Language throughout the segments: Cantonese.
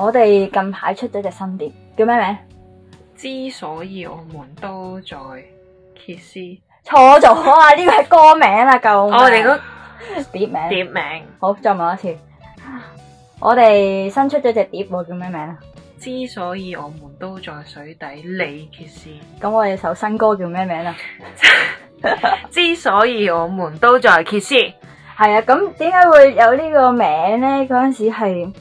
我哋近排出咗隻新碟，叫咩名？之所以我們都在歇斯，錯咗啊！呢個係歌名啦，夠我哋個碟名，碟名。好，再問一次。我哋新出咗隻碟，我叫咩名？之所以我們都在水底，你歇斯。咁我哋首新歌叫咩名啊？之 所以我們都在歇斯。係 啊，咁點解會有呢個名咧？嗰陣時係。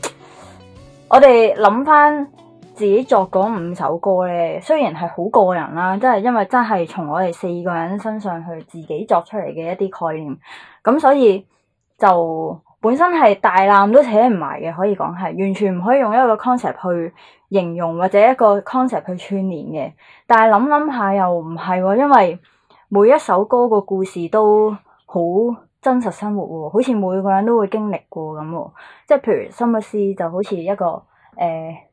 我哋諗翻自己作嗰五首歌咧，雖然係好個人啦，即係因為真係從我哋四個人身上去自己作出嚟嘅一啲概念，咁所以就本身係大纜都扯唔埋嘅，可以講係完全唔可以用一個 concept 去形容或者一個 concept 去串聯嘅。但係諗諗下又唔係，哦，因為每一首歌個故事都好。真實生活喎，好似每個人都會經歷過咁喎，即係譬如 Summer Sea 就好似一個誒、呃、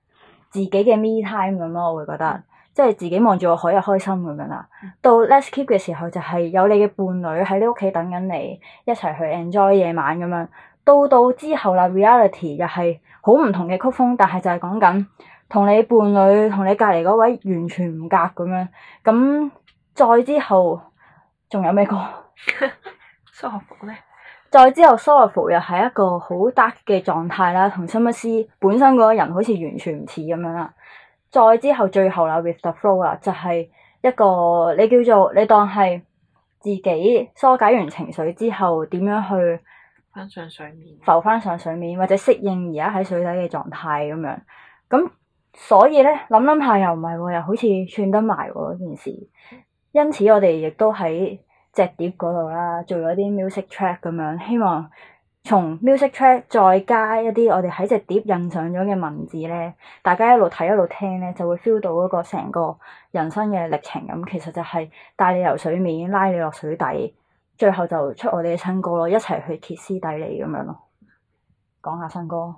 自己嘅 me time 咁咯，我會覺得即係自己望住我，可以開心咁樣啦。到 let's keep 嘅時候就係、是、有你嘅伴侶喺你屋企等緊你一齊去 enjoy 夜晚咁樣。到到之後啦，reality 又係好唔同嘅曲風，但係就係講緊同你伴侶、同你隔離嗰位完全唔夾咁樣。咁再之後仲有咩歌？ 疏學服咧，呢再之後疏學服又係一個好 dark 嘅狀態啦，同詹姆斯本身嗰個人好似完全唔似咁樣啦。再之後最後啦，with the flow 啦，就係、是、一個你叫做你當係自己疏解完情緒之後，點樣去上翻上水面，浮翻上水面，或者適應而家喺水底嘅狀態咁樣。咁所以呢，想一想一想咧，諗諗下又唔係喎，又好似串得埋嗰件事。因此我哋亦都喺。隻碟嗰度啦，做咗啲 music track 咁樣，希望從 music track 再加一啲我哋喺隻碟印上咗嘅文字咧，大家一路睇一路聽咧，就會 feel 到嗰個成個人生嘅歷程咁。其實就係帶你游水面，拉你落水底，最後就出我哋嘅新歌咯，一齊去歇斯底里咁樣咯，講下新歌。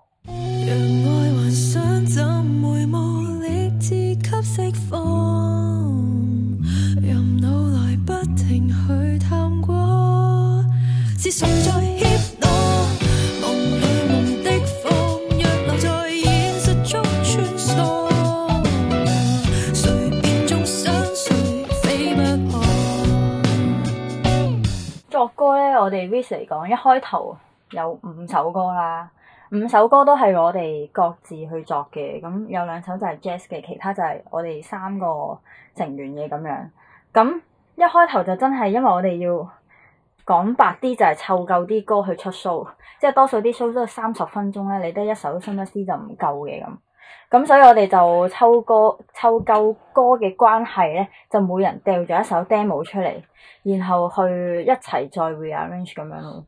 作歌咧，我哋 Vici 嚟講，一開頭有五首歌啦，五首歌都係我哋各自去作嘅，咁有兩首就係 Jazz 嘅，其他就係我哋三個成員嘅咁樣。咁一開頭就真係，因為我哋要講白啲，就係湊夠啲歌去出 show，即係多數啲 show 都係三十分鐘咧，你得一首新一 o 就唔夠嘅咁。咁所以我哋就抽歌、抽夠歌嘅關係咧，就每人掉咗一首 demo 出嚟，然後去一齊再 rearrange 咁樣咯。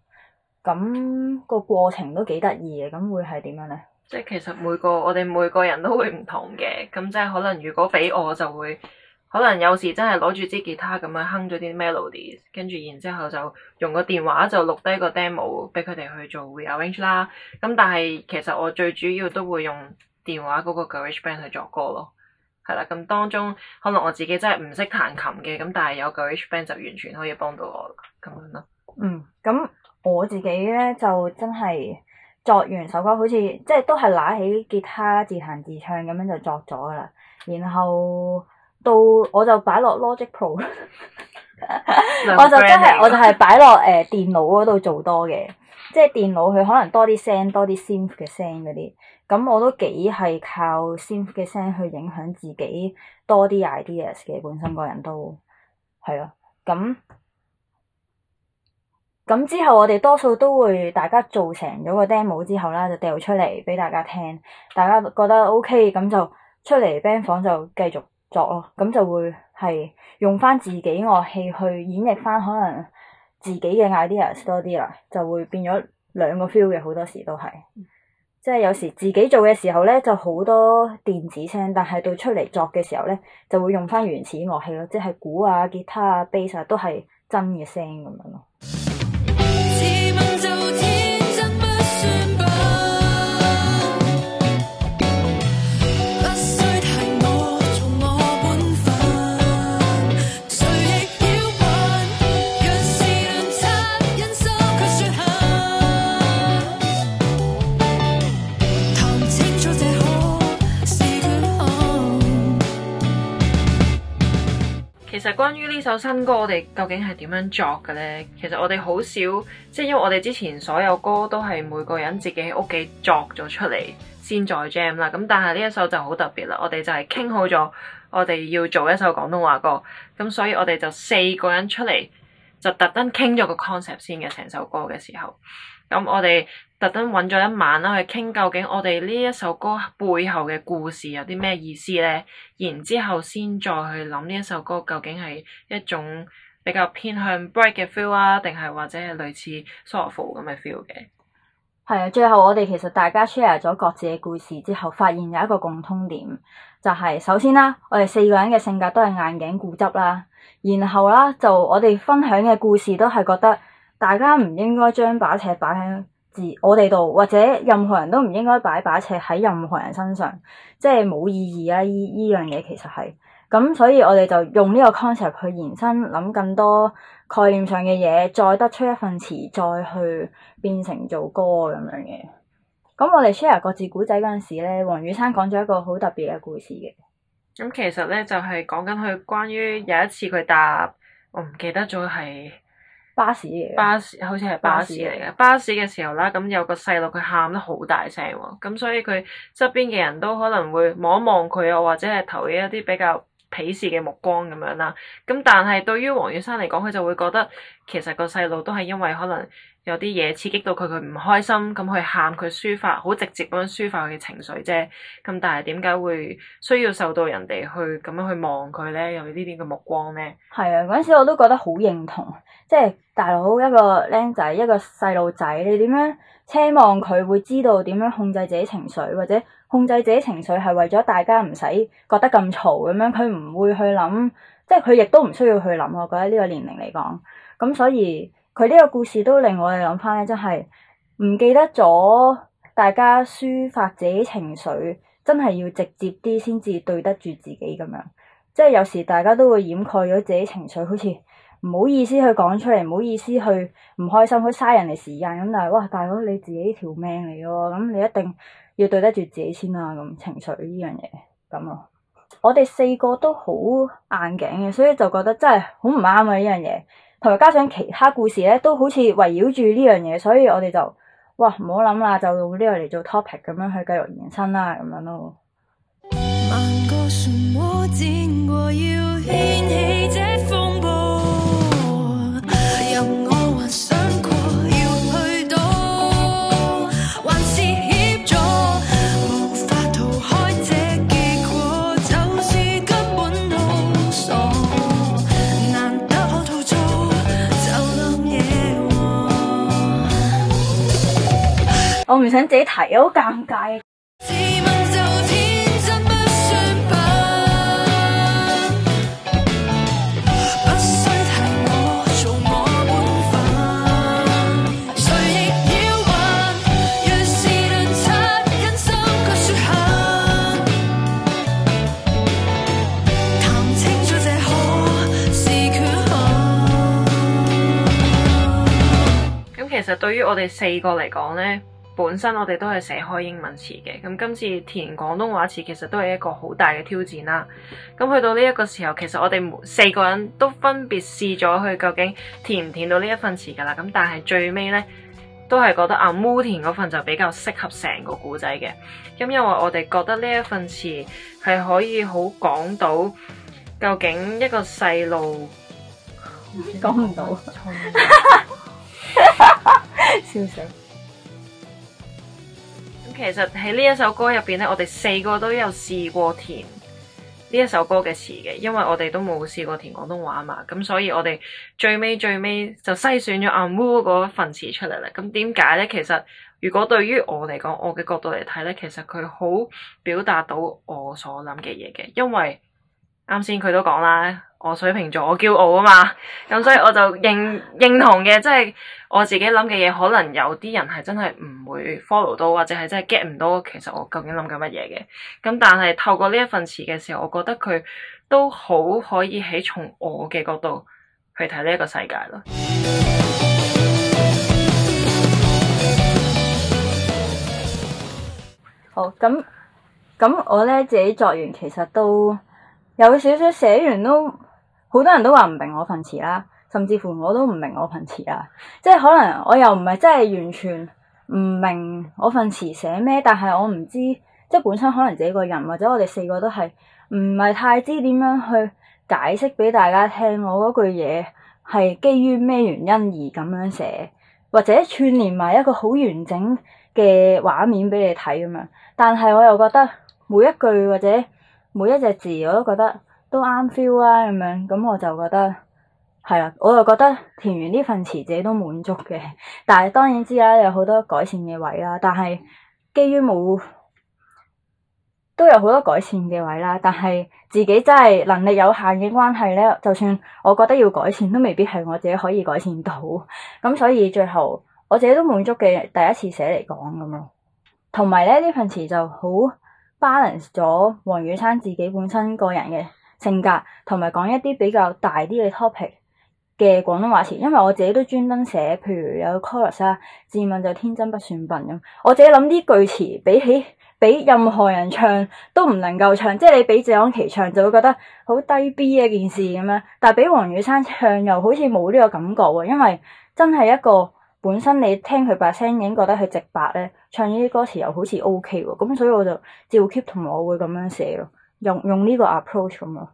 咁個過程都幾得意嘅，咁會係點樣咧？即係其實每個我哋每個人都會唔同嘅，咁即係可能如果俾我就會，可能有時真係攞住支吉他咁樣哼咗啲 melodies，跟住然之後就用個電話就錄低個 demo 俾佢哋去做 rearrange 啦。咁但係其實我最主要都會用。電話嗰個嘅 GarageBand 去作歌咯，係啦，咁當中可能我自己真係唔識彈琴嘅，咁但係有個 GarageBand 就完全可以幫到我咁樣咯。嗯，咁我自己咧就真係作完首歌，好似即係都係攞起吉他自彈自唱咁樣就作咗啦，然後到我就擺落 Logic Pro。 我就真、是、係、 就是，我就係擺落誒電腦嗰度做多嘅，即係電腦佢可能多啲聲，多啲 synth 嘅聲嗰啲。咁我都幾係靠 synth 嘅聲去影響自己多啲 ideas 嘅。本身個人都係咯。咁咁、啊、之後我哋多數都會大家做成咗個 demo 之後啦，就掉出嚟俾大家聽。大家覺得 OK 咁就出嚟 band 房就繼續作咯、啊。咁就會。係用翻自己樂器去演繹翻可能自己嘅 ideas 多啲啦，就會變咗兩個 feel 嘅。好多時都係，即係有時自己做嘅時候咧就好多電子聲，但係到出嚟作嘅時候咧就會用翻原始樂器咯，即係鼓啊、吉他啊、bass 啊都係真嘅聲咁樣咯。關於呢首新歌，我哋究竟係點樣作嘅呢？其實我哋好少，即係因為我哋之前所有歌都係每個人自己喺屋企作咗出嚟先再 jam 啦。咁但係呢一首就好特別啦，我哋就係傾好咗，我哋要做一首廣東話歌。咁所以我哋就四個人出嚟，就特登傾咗個 concept 先嘅成首歌嘅時候。咁我哋特登揾咗一晚啦，去傾究竟我哋呢一首歌背後嘅故事有啲咩意思呢？然之後先再去諗呢一首歌究竟係一種比較偏向 bright 嘅 feel 啊，定係或者係類似 sorrowful 咁嘅 feel 嘅。係啊，最後我哋其實大家 share 咗各自嘅故事之後，發現有一個共通點，就係、是、首先啦，我哋四個人嘅性格都係硬頸固執啦。然後啦，就我哋分享嘅故事都係覺得。大家唔應該將把，把尺擺喺自我哋度，或者任何人都唔應該擺把尺喺任何人身上，即係冇意義啦。呢呢樣嘢其實係咁，所以我哋就用呢個 concept 去延伸，諗更多概念上嘅嘢，再得出一份詞，再去變成做歌咁樣嘅。咁我哋 share 各自古仔嗰陣時咧，王雨山講咗一個好特別嘅故事嘅。咁其實咧就係講緊佢關於有一次佢答，我唔記得咗係。巴士嘅巴士好似係巴士嚟嘅，巴士嘅時候啦，咁有個細路佢喊得好大聲喎，咁所以佢側邊嘅人都可能會望一望佢啊，或者係投嘅一啲比較鄙視嘅目光咁樣啦。咁但係對於王雨山嚟講，佢就會覺得其實個細路都係因為可能。有啲嘢刺激到佢，佢唔開心，咁去喊，佢抒發，好直接咁樣抒發佢嘅情緒啫。咁但係點解會需要受到人哋去咁樣去望佢咧？有呢啲嘅目光咧？係啊，嗰陣時我都覺得好認同，即係大佬一個僆仔，一個細路仔，你點樣奢望佢會知道點樣控制自己情緒，或者控制自己情緒係為咗大家唔使覺得咁嘈咁樣？佢唔會去諗，即係佢亦都唔需要去諗。我覺得呢個年齡嚟講，咁所以。佢呢個故事都令我哋諗翻咧，真係唔記得咗大家抒發自己情緒，真係要直接啲先至對得住自己咁樣。即係有時大家都會掩蓋咗自己情緒，好似唔好意思去講出嚟，唔好意思去唔開心，去嘥人哋時間。咁但係哇，大佬你自己條命嚟嘅喎，咁你一定要對得住自己先喇！咁情緒呢樣嘢咁咯，我哋四個都好硬頸嘅，所以就覺得真係好唔啱啊！呢樣嘢。同埋加上其他故事咧，都好似圍繞住呢樣嘢，所以我哋就，哇，唔好諗啦，就用呢個嚟做 topic 咁樣去繼續延伸啦，咁樣咯。 .我唔想自己提，好尷尬。自問就天真不算不算笨，不需我我做本分誰亦要若是論下談清楚這可是清楚缺。咁其實對於我哋四個嚟講呢。本身我哋都係寫開英文詞嘅，咁今次填廣東話詞其實都係一個好大嘅挑戰啦。咁去到呢一個時候，其實我哋四個人都分別試咗佢究竟填唔填到呢一份詞噶啦。咁但係最尾呢，都係覺得阿 Moo 填嗰份就比較適合成個古仔嘅。咁因為我哋覺得呢一份詞係可以好講到究竟一個細路講唔到，笑死！ 其實喺呢一首歌入邊咧，我哋四個都有試過填呢一首歌嘅詞嘅，因為我哋都冇試過填廣東話啊嘛，咁所以我哋最尾最尾就篩選咗阿 Moo 嗰份詞出嚟啦。咁點解咧？其實如果對於我嚟講，我嘅角度嚟睇咧，其實佢好表達到我所諗嘅嘢嘅，因為。啱先佢都講啦，我水瓶座我驕傲啊嘛，咁所以我就認認同嘅，即係我自己諗嘅嘢，可能有啲人係真係唔會 follow 到，或者係真係 get 唔到，其實我究竟諗緊乜嘢嘅。咁但係透過呢一份詞嘅時候，我覺得佢都好可以喺從我嘅角度去睇呢一個世界咯。好，咁咁我咧自己作完，其實都。有少少寫完，都好多人都話唔明我份詞啦，甚至乎我都唔明我份詞啊！即係可能我又唔係真係完全唔明我份詞寫咩，但係我唔知，即係本身可能自己個人或者我哋四個都係唔係太知點樣去解釋俾大家聽，我嗰句嘢係基於咩原因而咁樣寫，或者串聯埋一個好完整嘅畫面俾你睇咁樣。但係我又覺得每一句或者。每一隻字我都覺得都啱 feel 啊，咁樣咁我就覺得係啊，我就覺得填完呢份詞自己都滿足嘅。但係當然知啦，有好多改善嘅位啦。但係基於冇都有好多改善嘅位啦，但係自己真係能力有限嘅關係咧，就算我覺得要改善，都未必係我自己可以改善到。咁所以最後我自己都滿足嘅第一次寫嚟講咁咯。同埋咧，呢份詞就好。balance 咗王雨山自己本身個人嘅性格，同埋講一啲比較大啲嘅 topic 嘅廣東話詞，因為我自己都專登寫，譬如有 chorus 啦、啊，自問就天真不算笨咁。我自己諗啲句詞比起俾任何人唱都唔能夠唱，即係你俾謝安琪唱就會覺得好低 B 一件事咁樣，但係俾王雨山唱又好似冇呢個感覺喎，因為真係一個。本身你聽佢把聲已經覺得佢直白咧，唱呢啲歌詞又好似 OK 喎，咁所以我就照 keep 同我會咁樣寫咯，用用呢個 approach 咁咯。